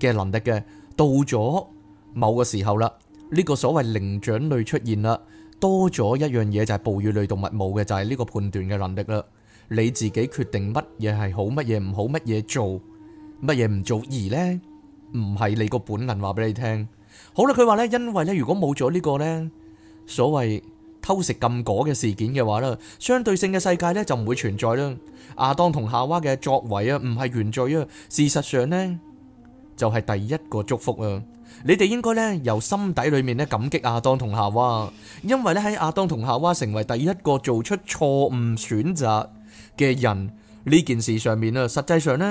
嘅能力嘅。到咗某個時候啦，呢個所謂靈長類出現啦，多咗一樣嘢就係哺乳類動物冇嘅，就係呢個判斷嘅能力啦。你自己決定乜嘢係好，乜嘢唔好，乜嘢做，乜嘢唔做而咧，唔係你個本能話俾你聽。好啦，佢話咧，因為咧，如果冇咗呢個咧所謂偷食禁果嘅事件嘅話啦，相對性嘅世界咧就唔會存在啦。亞當同夏娃嘅作為啊，唔係原罪啊，事實上咧就係第一個祝福啊。你哋應該咧由心底裏面咧感激亞當同夏娃，因為咧喺亞當同夏娃成為第一個做出錯誤選擇。嘅人呢件事上面啦，實際上咧，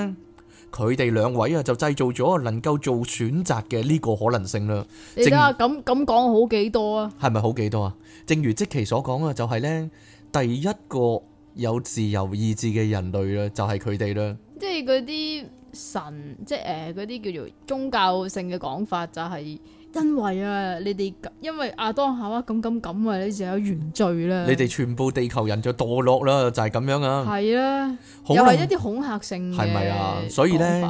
佢哋兩位啊就製造咗能夠做選擇嘅呢個可能性啦。而家咁咁講好幾多啊？係咪好幾多啊？正如積琪所講啊，就係咧第一個有自由意志嘅人類啦，就係佢哋啦。即係嗰啲神，即係誒嗰啲叫做宗教性嘅講法，就係。因為啊，你哋因為啊，亞當夏娃，咁咁咁啊，你就有原罪啦。你哋全部地球人就墮落啦，就係、是、咁樣啊。係啦、啊，能又係一啲恐嚇性嘅。係咪啊？所以咧，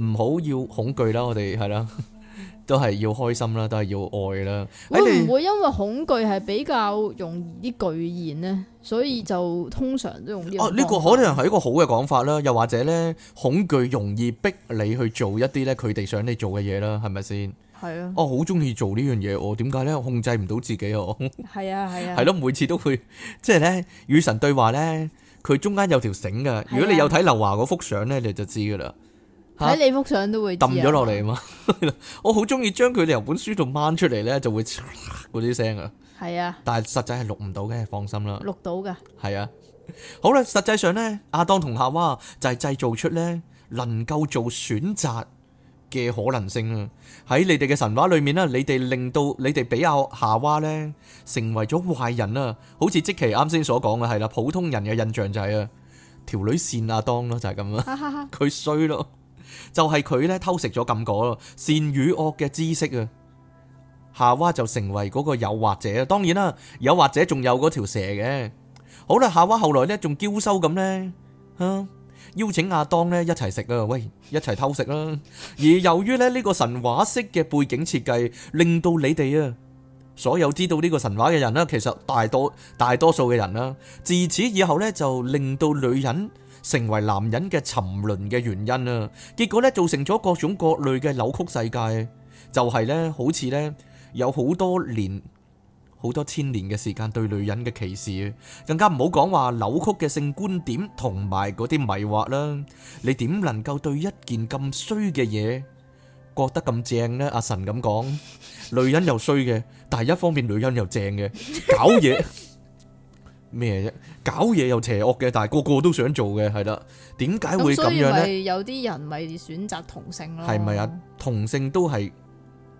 唔好 <laughs> 要，要恐懼啦。我哋係啦，都係要開心啦，都係要愛啦。會唔會因為恐懼係比較容易啲具現呢？所以就通常都用呢呢、啊這個可能係一個好嘅講法啦。又或者咧，恐懼容易逼你去做一啲咧佢哋想你做嘅嘢啦，係咪先？係咯，我好中意做呢樣嘢，我點解咧？控制唔到自己，我係啊係啊，係咯、啊啊，每次都會即係咧與神對話咧，佢中間有條繩噶。啊、如果你有睇劉華嗰幅相咧，你就知噶啦。睇你幅相都會掟咗落嚟啊嘛！啊 <laughs> 我好中意將佢哋由本書度掹出嚟咧，就會嗰啲聲啊。係啊，但係實際係錄唔到嘅，放心啦。錄到噶，係啊。好啦，實際上咧，阿當同夏娃就係製造出咧能夠做選擇嘅可能性啊，喺你哋嘅神話裏面咧，你哋令到你哋比亞夏娃呢成為咗壞人啊，好似積琪啱先所講嘅係啦，普通人嘅印象就係啊條女善阿當咯，就係咁啦，佢衰咯，就係佢呢偷食咗禁果善與惡嘅知識啊，夏娃就成為嗰個誘惑者啊，當然啦，誘惑者仲有嗰條蛇嘅，好啦，夏娃後來呢仲嬌羞咁呢。啊。邀請亞當呢一齊食啊！喂，一齊偷食啦！而由於呢呢個神話式嘅背景設計，令到你哋啊所有知道呢個神話嘅人啦，其實大多大多數嘅人啦，自此以後呢就令到女人成為男人嘅沉淪嘅原因啦。結果呢造成咗各種各類嘅扭曲世界，就係呢好似呢有好多年。好多千年嘅時間對女人嘅歧視啊，更加唔好講話扭曲嘅性觀點同埋嗰啲迷惑啦。你點能夠對一件咁衰嘅嘢覺得咁正呢？阿神咁講，女人又衰嘅，但係一方面女人又正嘅，搞嘢咩啫？搞嘢又邪惡嘅，但係個個都想做嘅係啦。點解會咁樣呢？有啲人咪選擇同性咯？係咪啊？同性都係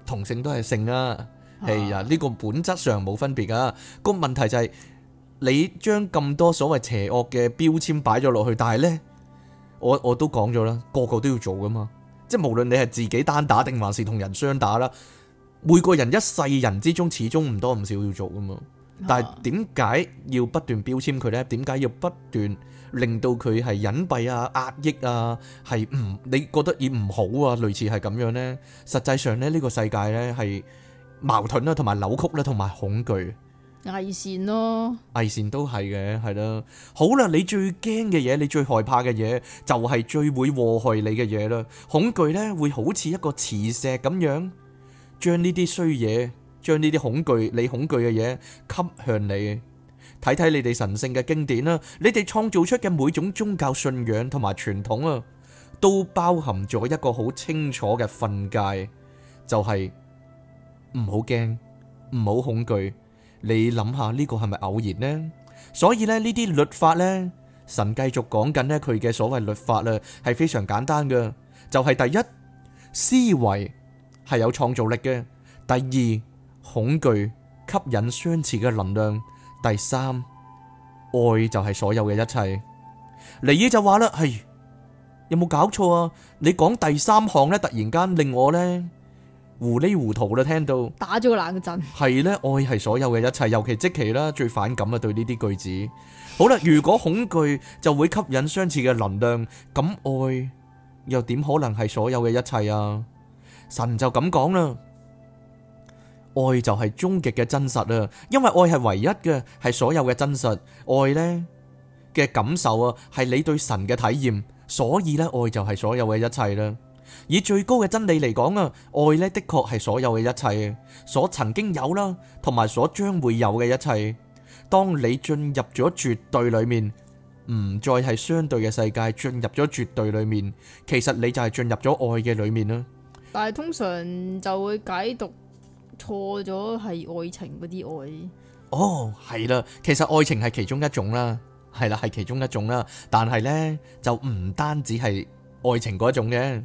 同性都係性啊！係啊，呢、這個本質上冇分別噶。個問題就係、是、你將咁多所謂邪惡嘅標籤擺咗落去，但係呢，我我都講咗啦，個個都要做噶嘛。即係無論你係自己單打定還是同人雙打啦，每個人一世人之中，始終唔多唔少要做噶嘛。但係點解要不斷標籤佢呢？點解要不斷令到佢係隱蔽啊、壓抑啊？係唔？你覺得已唔好啊？類似係咁樣呢？實際上呢，呢、這個世界呢係。矛盾啦，同埋扭曲啦，同埋恐懼、偽善咯，偽善都係嘅，係啦。好啦，你最驚嘅嘢，你最害怕嘅嘢，就係最會禍害你嘅嘢啦。恐懼咧，會好似一個磁石咁樣，將呢啲衰嘢，將呢啲恐懼，你恐懼嘅嘢吸向你。睇睇你哋神聖嘅經典啦，你哋創造出嘅每種宗教信仰同埋傳統啊，都包含咗一個好清楚嘅訓誡，就係。唔好驚，唔好恐懼。你諗下呢個係咪偶然呢？所以呢呢啲律法呢，神繼續講緊呢佢嘅所謂律法啦，係非常簡單嘅。就係第一，思維係有創造力嘅；第二，恐懼吸引相似嘅能量；第三，愛就係所有嘅一切。尼爾就話啦：係，有冇搞錯啊？你講第三項呢？突然間令我呢？糊裏糊塗啦，聽到打咗個冷震，係呢，愛係所有嘅一切，尤其即期啦最反感啊，對呢啲句子。好啦，如果恐懼就會吸引相似嘅能量，咁愛又點可能係所有嘅一切啊？神就咁講啦，愛就係終極嘅真實啦，因為愛係唯一嘅，係所有嘅真實。愛呢嘅感受啊，係你對神嘅體驗，所以呢愛就係所有嘅一切啦。以最高嘅真理嚟講啊，愛呢的確係所有嘅一切，所曾經有啦，同埋所將會有嘅一切。當你進入咗絕對裏面，唔再係相對嘅世界，進入咗絕對裏面，其實你就係進入咗愛嘅裏面啦。但係通常就會解讀錯咗係愛情嗰啲愛。哦，係啦，其實愛情係其中一種啦，係啦，係其中一種啦。但係呢就唔單止係。愛情嗰一種嘅，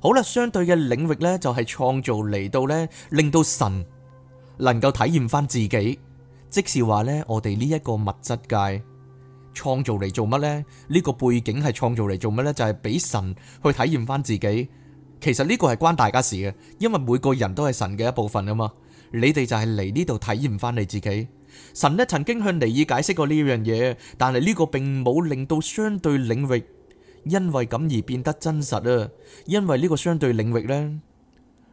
好啦，相對嘅領域呢，就係、是、創造嚟到呢，令到神能夠體驗翻自己。即是話呢，我哋呢一個物質界創造嚟做乜呢？呢、這個背景係創造嚟做乜呢？就係、是、俾神去體驗翻自己。其實呢個係關大家事嘅，因為每個人都係神嘅一部分啊嘛。你哋就係嚟呢度體驗翻你自己。神咧曾經向尼爾解釋過呢樣嘢，但係呢個並冇令到相對領域因為咁而變得真實啊！因為呢個相對領域呢，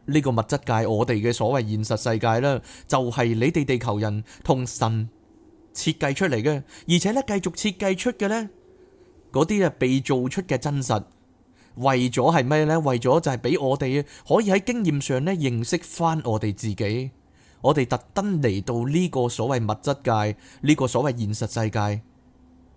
呢個物質界，我哋嘅所謂現實世界啦，就係你哋地球人同神設計出嚟嘅，而且咧繼續設計出嘅呢嗰啲啊被做出嘅真實，為咗係咩呢？為咗就係俾我哋可以喺經驗上咧認識翻我哋自己，我哋特登嚟到呢個所謂物質界，呢個所謂現實世界。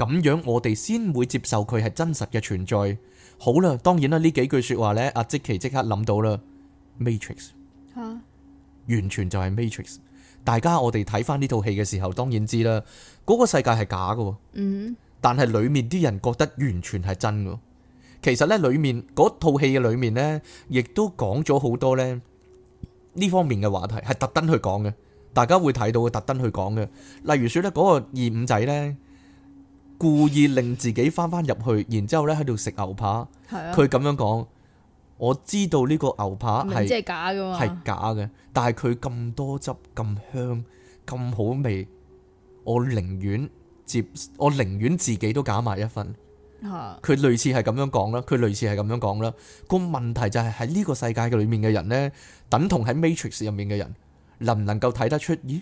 咁樣我哋先會接受佢係真實嘅存在。好啦，當然啦，呢幾句說話呢，阿即奇即刻諗到啦，《Matrix 哈》啊，完全就係《Matrix》。大家我哋睇返呢套戲嘅時候，當然知啦，嗰個世界係假嘅。嗯，但係裏面啲人覺得完全係真嘅。其實呢裏面嗰套戲嘅裏面呢，亦都講咗好多呢，呢方面嘅話題，係特登去講嘅。大家會睇到嘅，特登去講嘅，例如說呢嗰個二五仔呢。故意令自己翻翻入去，然之後咧喺度食牛扒。佢咁樣講，我知道呢個牛扒係假嘅，但係佢咁多汁、咁香、咁好味，我寧願接，我寧願自己都假埋一份。佢類似係咁樣講啦，佢類似係咁樣講啦。個問題就係喺呢個世界嘅裡面嘅人咧，等同喺 Matrix 入面嘅人，能唔能夠睇得出？咦，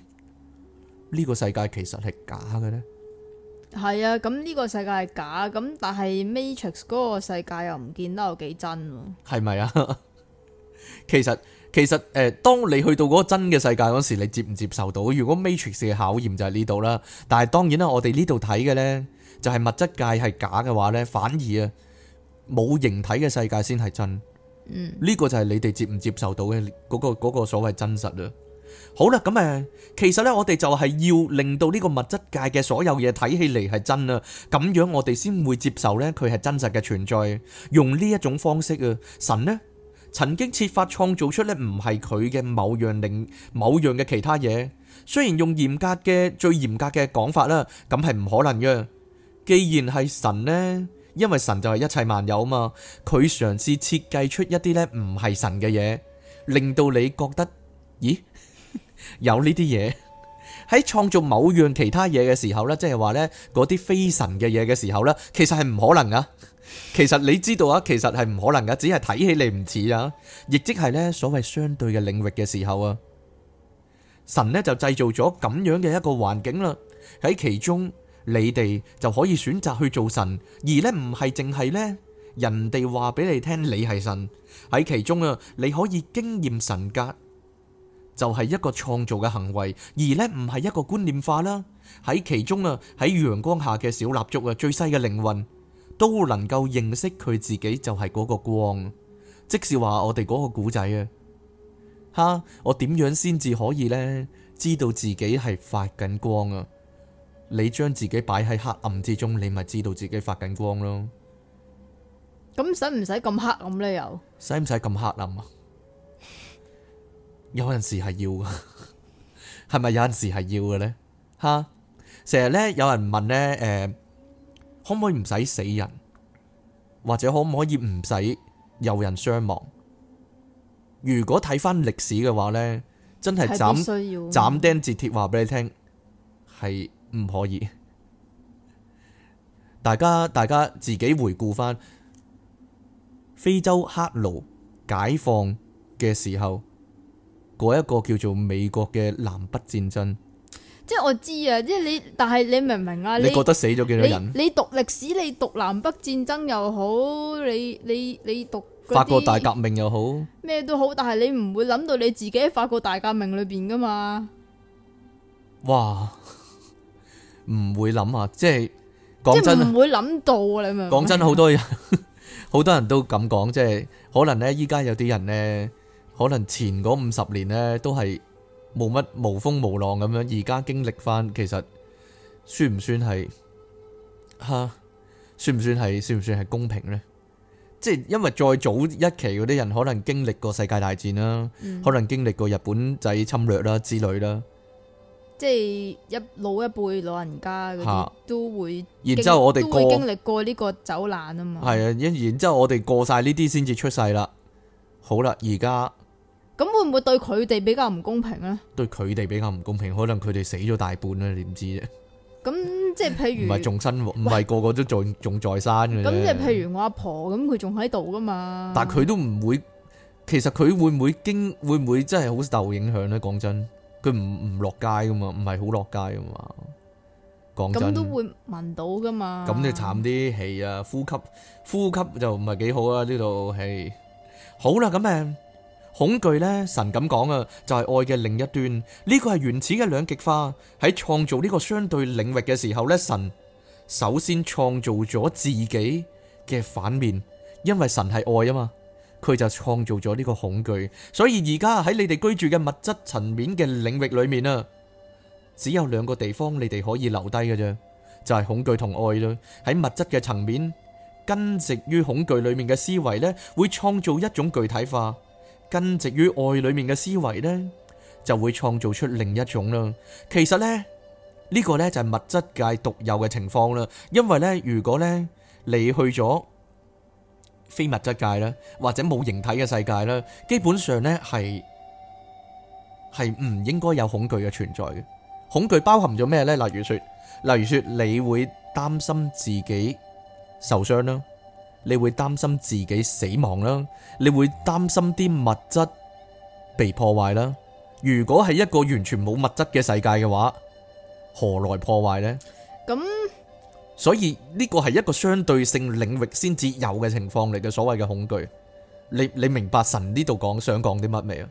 呢個世界其實係假嘅咧？係啊，咁呢個世界係假，咁但係 Matrix 嗰個世界又唔見得有幾真喎，啊？係咪啊 <laughs> 其，其實其實誒，當你去到嗰個真嘅世界嗰時，你接唔接受到？如果 Matrix 嘅考驗就係呢度啦。但係當然啦，我哋呢度睇嘅呢，就係、是、物質界係假嘅話呢，反而啊，冇形體嘅世界先係真。嗯，呢個就係你哋接唔接受到嘅嗰、嗰個、嗰個所謂真實啊。好啦，咁誒，其實呢，我哋就係要令到呢個物質界嘅所有嘢睇起嚟係真啦，咁樣我哋先會接受呢，佢係真實嘅存在。用呢一種方式啊，神呢曾經設法創造出呢唔係佢嘅某樣另某樣嘅其他嘢，雖然用嚴格嘅最嚴格嘅講法啦，咁係唔可能嘅。既然係神呢，因為神就係一切萬有啊嘛，佢嘗試設計出一啲呢唔係神嘅嘢，令到你覺得，咦？有呢啲嘢，喺創造某樣其他嘢嘅時候呢，即係話呢嗰啲非神嘅嘢嘅時候呢，其實係唔可能噶。 <laughs> 其實你知道啊，其實係唔可能噶，只係睇起嚟唔似啊。亦即係呢所謂相對嘅領域嘅時候啊，神呢就製造咗咁樣嘅一個環境啦，喺其中你哋就可以選擇去做神，而呢唔係淨係呢人哋話俾你聽你係神，喺其中啊，你可以經驗神格。就係一個創造嘅行為，而呢唔係一個觀念化啦。喺其中啊，喺陽光下嘅小蠟燭啊，最細嘅靈魂都能夠認識佢自己，就係嗰個光。即是話我哋嗰個古仔啊，吓，我點樣先至可以呢？知道自己係發緊光啊？你將自己擺喺黑暗之中，你咪知道自己發緊光咯。咁使唔使咁黑暗呢？又使唔使咁黑暗啊？有陣時係要嘅，係 <laughs> 咪有陣時係要嘅咧？吓，成日咧有人問咧，誒、呃，可唔可以唔使死人，或者可唔可以唔使有人傷亡？如果睇翻歷史嘅話咧，真係斬斬釘截鐵話俾你聽，係唔可以。大家大家自己回顧翻非洲黑奴解放嘅時候。嗰一個叫做美國嘅南北戰爭，即係我知啊，即係你，但係你明唔明啊？你覺得死咗幾多人？你讀歷史，你讀南北戰爭又好，你你你讀法國大革命又好，咩都好，但係你唔會諗到你自己喺法國大革命裏邊噶嘛？哇，唔會諗啊！即係講真，唔會諗到啊！你明唔明？講真，好多人好多人都咁講，即係可能呢，依家有啲人呢。可能前嗰五十年呢，都係冇乜無風無浪咁樣，而家經歷返，其實算唔算係嚇？算唔算係算唔算係公平呢？即係因為再早一期嗰啲人可能經歷過世界大戰啦，嗯、可能經歷過日本仔侵略啦之類啦，即係一老一輩老人家嗰啲都會、啊，然之後我哋過經歷過呢個走難啊嘛，係啊，然之後我哋過晒呢啲先至出世啦，好啦，而家。咁會唔會對佢哋比較唔公平咧？對佢哋比較唔公平，可能佢哋死咗大半啦，你唔知啫。咁即係譬如唔係仲生喎，唔係喂個個都仲仲在生嘅。咁即係譬如我阿婆，咁佢仲喺度噶嘛？但係佢都唔會，其實佢會唔會經會唔會真係好受影響咧？講真，佢唔唔落街噶嘛，唔係好落街噶嘛。講真都會聞到噶嘛。咁就慘啲氣啊，呼吸呼吸就唔係幾好啊。呢度係好啦，咁啊。恐懼呢，神咁講啊，就係愛嘅另一端。呢個係原始嘅兩極化。喺創造呢個相對領域嘅時候呢，神首先創造咗自己嘅反面，因為神係愛啊嘛，佢就創造咗呢個恐懼。所以而家喺你哋居住嘅物質層面嘅領域裏面啊，只有兩個地方你哋可以留低嘅啫，就係恐懼同愛咯。喺物質嘅層面，根植於恐懼裏面嘅思維呢，會創造一種具體化。根植於愛裏面嘅思維呢，就會創造出另一種啦。其實呢，呢個呢就係物質界獨有嘅情況啦。因為呢，如果呢你去咗非物質界啦，或者冇形體嘅世界啦，基本上呢係係唔應該有恐懼嘅存在嘅。恐懼包含咗咩呢？例如說，例如說，你會擔心自己受傷啦。你會擔心自己死亡啦，你會擔心啲物質被破壞啦。如果係一個完全冇物質嘅世界嘅話，何來破壞呢？咁、嗯、所以呢個係一個相對性領域先至有嘅情況嚟嘅，所謂嘅恐懼。你你明白神呢度講想講啲乜未啊？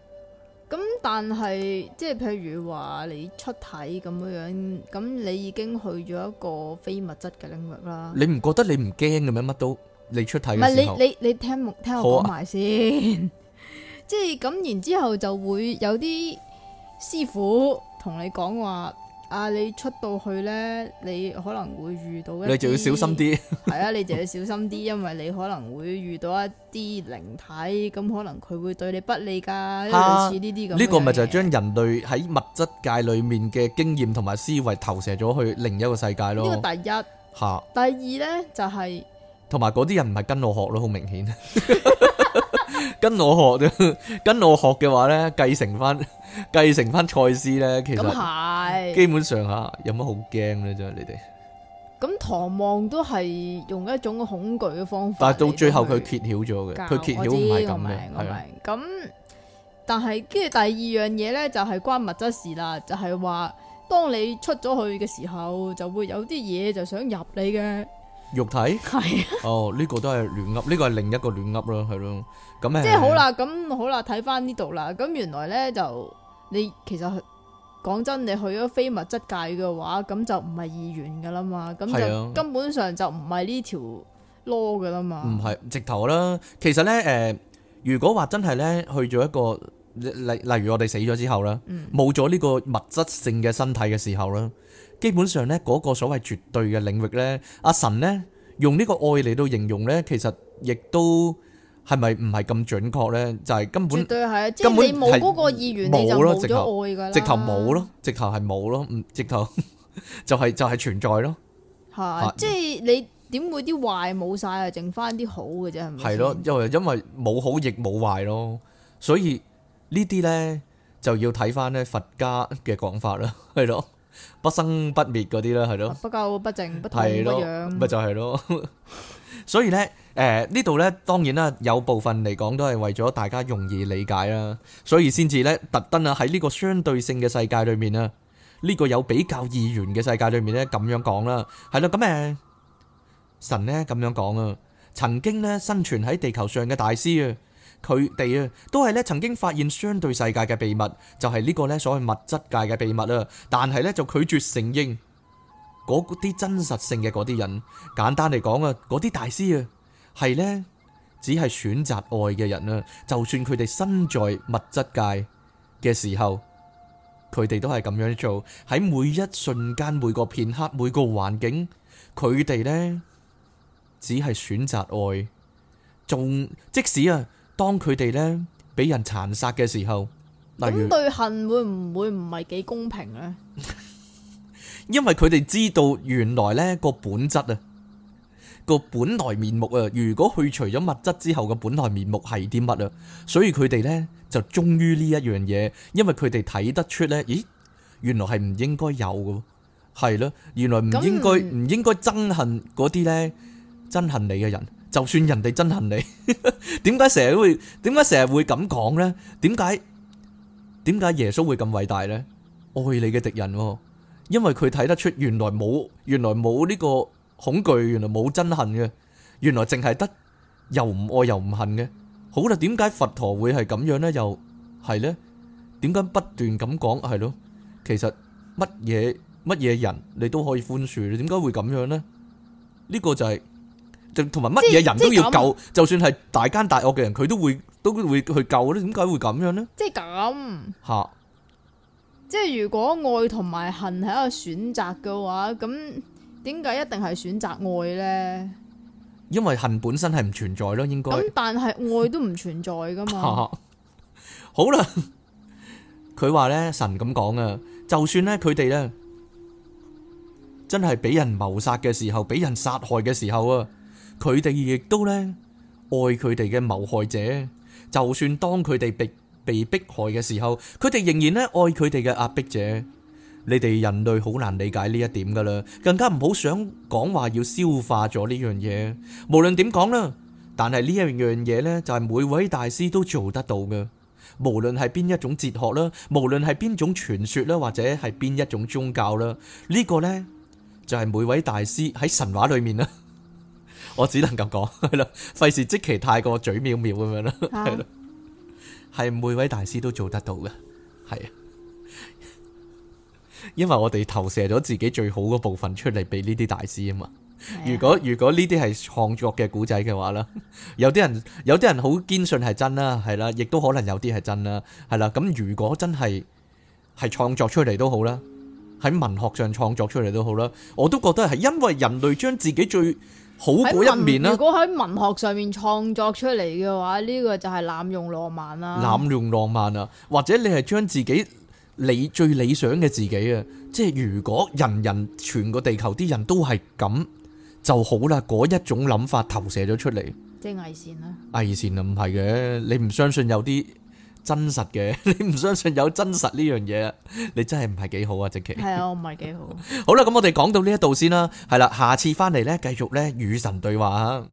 咁、嗯、但係即係譬如話你出體咁樣樣，咁你已經去咗一個非物質嘅領域啦。你唔覺得你唔驚嘅咩？乜都。你出體唔係你你你聽聽我講埋先，即係咁，然之後就會有啲師傅同你講話啊，你出到去咧，你可能會遇到一啲，你就要小心啲，係啊，你就要小心啲，因為你可能會遇到一啲靈體，咁可能佢會對你不利噶，類似呢啲咁。呢個咪就係將人類喺物質界裏面嘅經驗同埋思維投射咗去另一個世界咯。呢個第一。吓。第二咧，就係。同埋嗰啲人唔係跟我學咯，好明顯，跟我學嘅，跟我學嘅話咧，繼承翻，繼承翻賽斯咧，其實，咁係，基本上吓，有乜好驚咧？真係你哋，咁唐望都係用一種恐懼嘅方法，但係到最後佢揭曉咗嘅，佢揭曉唔係咁嘅，係啊，咁，但係跟住第二樣嘢咧，就係關物質事啦，就係話，當你出咗去嘅時候，就會有啲嘢就想入你嘅。肉體係 <laughs> 哦，呢、這個都係亂噏，呢、這個係另一個亂噏啦，係咯。咁誒，即係好啦，咁好啦，睇翻呢度啦。咁原來咧就你其實講真，你去咗非物質界嘅話，咁就唔係意願噶啦嘛，咁就、啊、根本上就唔係呢條路噶啦嘛。唔係直頭啦，其實咧誒、呃，如果話真係咧去咗一個例，例如我哋死咗之後啦，冇咗呢個物質性嘅身體嘅時候啦。基本上咧，嗰個所謂絕對嘅領域咧，阿神咧用呢個愛嚟到形容咧，其實亦都係咪唔係咁準確咧？就係根本絕對係，即係你冇嗰個意願，你就冇咗愛㗎啦。直頭冇咯，直頭係冇咯，唔直頭就係就係存在咯。係，即係你點會啲壞冇曬，剩翻啲好嘅啫？係咪？係咯，因為因為冇好亦冇壞咯，所以呢啲咧就要睇翻咧佛家嘅講法啦。係咯。不生不滅嗰啲啦，係咯，不垢不淨不痛不癢，咪就係、是、咯。 <laughs> 所以咧，誒、呃、呢度咧，當然啦，有部分嚟講都係為咗大家容易理解啦，所以先至咧，特登啊喺呢個相對性嘅世界裏面啊，呢、這個有比較意願嘅世界裏面咧咁樣講啦，係啦，咁誒神咧咁樣講啊，曾經咧生存喺地球上嘅大師啊。佢哋啊，都係咧曾經發現相對世界嘅秘密，就係、是、呢個咧所謂物質界嘅秘密啦、啊。但係呢，就拒絕承認嗰啲真實性嘅嗰啲人。簡單嚟講啊，嗰啲大師啊，係呢，只係選擇愛嘅人啊。就算佢哋身在物質界嘅時候，佢哋都係咁樣做。喺每一瞬間、每個片刻、每個環境，佢哋呢，只係選擇愛。仲即使啊。當佢哋呢，俾人殘殺嘅時候，咁對恨會唔會唔係幾公平呢？ <laughs> 因為佢哋知道原來呢個本質啊，個本來面目啊，如果去除咗物質之後嘅本來面目係啲乜啊，所以佢哋呢，就忠於呢一樣嘢，因為佢哋睇得出呢，咦，原來係唔應該有嘅，係咯，原來唔應該唔那應該憎恨嗰啲呢，憎恨你嘅人。就算人哋憎恨你，點解成日會點解成日會咁講咧？點解點解耶穌會咁偉大咧？愛你嘅敵人，因為佢睇得出原來冇原來冇呢個恐懼，原來冇憎恨嘅，原來淨係得又唔愛又唔恨嘅。好啦，點解佛陀會係咁樣咧？又係咧？點解不斷咁講，係咯？其實乜嘢乜嘢人你都可以寬恕，你點解會咁樣咧？呢個就係。就同埋乜嘢人都要救，就算係大奸大惡嘅人，佢都會都會去救呢。點解會咁樣呢？即係咁吓，即係如果愛同埋恨係一個選擇嘅話，咁點解一定係選擇愛呢？因為恨本身係唔存在咯，應該咁，但係愛都唔存在噶嘛。好啦，佢話呢，神咁講啊，就算呢佢哋呢真係俾人謀殺嘅時候，俾人殺害嘅時候啊。佢哋亦都呢愛佢哋嘅謀害者，就算當佢哋被被迫害嘅時候，佢哋仍然呢愛佢哋嘅壓迫者。你哋人類好難理解呢一點噶啦，更加唔好想講話要消化咗呢樣嘢。無論點講啦，但係呢一樣嘢呢就係每位大師都做得到嘅，無論係邊一種哲學啦，無論係邊種傳說啦，或者係邊一種宗教啦，呢個呢就係每位大師喺神話裏面啦。我只能咁講，係咯，費事即其太過嘴藐藐咁樣啦，係係每位大師都做得到嘅。係啊，因為我哋投射咗自己最好嘅部分出嚟俾呢啲大師啊嘛。如果如果呢啲係創作嘅古仔嘅話啦，有啲人有啲人好堅信係真啦，係啦，亦都可能有啲係真啦，係啦。咁如果真係係創作出嚟都好啦，喺文學上創作出嚟都好啦，我都覺得係因為人類將自己最好過一面呀！如果喺文學上面創作出嚟嘅話，呢個就係濫用浪漫啦。濫用浪漫啊，或者你係將自己你最理想嘅自己啊，即係如果人人全個地球啲人都係咁就好啦，嗰一種諗法投射咗出嚟。即係偽善啦。偽善啊，唔係嘅，你唔相信有啲真實嘅，你唔相信有真實呢樣嘢，你真係唔係幾好啊，正琪？係啊，我唔係幾好。 <laughs> 好啦，咁我哋講到呢一度先啦。係啦，下次翻嚟咧，繼續咧與神對話。